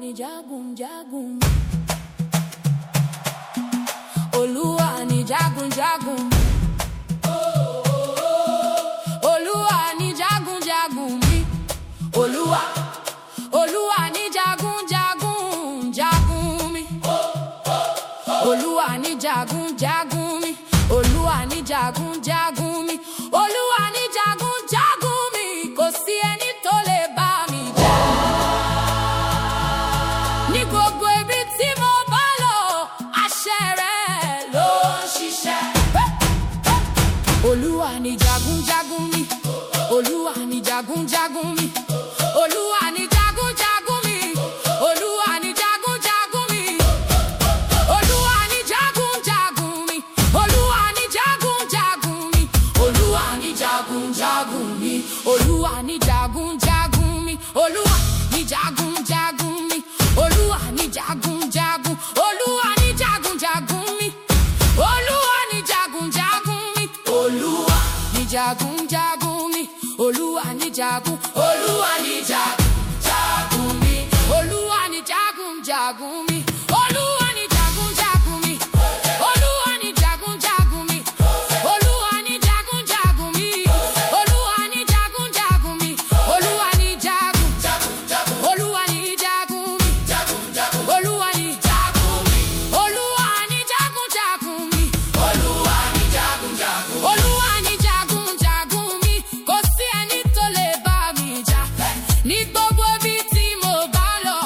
ni jagun Olúwa ni jagunjagun. Olúwa ni jagun mi. Olúwa. Olúwa ni jagun jagun jagun mi. Olúwa ni jagun jagun mi. Olúwa ni jagun jagun. olúwa ni jagun mi olúwa ni mi. jagun jagun ni olúwa ní jagun olúwa ní jagun. ní gbogbo mo bá lọ.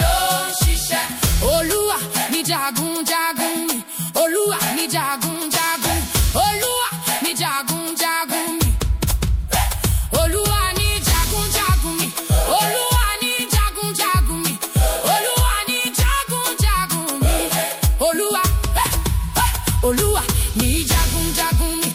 ló ń ṣiṣẹ́. olúwa ni jagunjagun mi olúwa ni jagunjagun olúwa ni jagunjagun olúwa ni jagunjagun olúwa ni jagunjagun olúwa ni jagunjagun mi.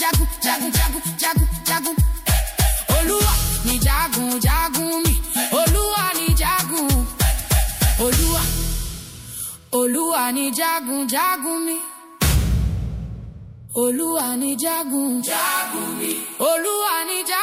jagun jagun jagun jagun jagun jagun. olúwa ni jagun jagun mi olúwa ni jagun olúwa olúwa ni jagun jagun mi. Olúwa ni jagun jagun mi. Olúwa ni jagun.